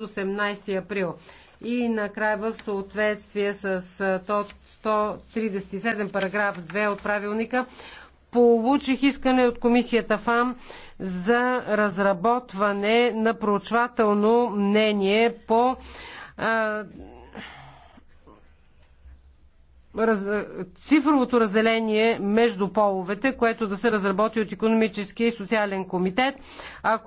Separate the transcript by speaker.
Speaker 1: 18 април. И накрая в съответствие с 137 параграф 2 от правилника получих искане от комисията ФАМ за разработване на проучвателно мнение по а, раз, цифровото разделение между половете, което да се разработи от Економически
Speaker 2: и социален комитет. Ако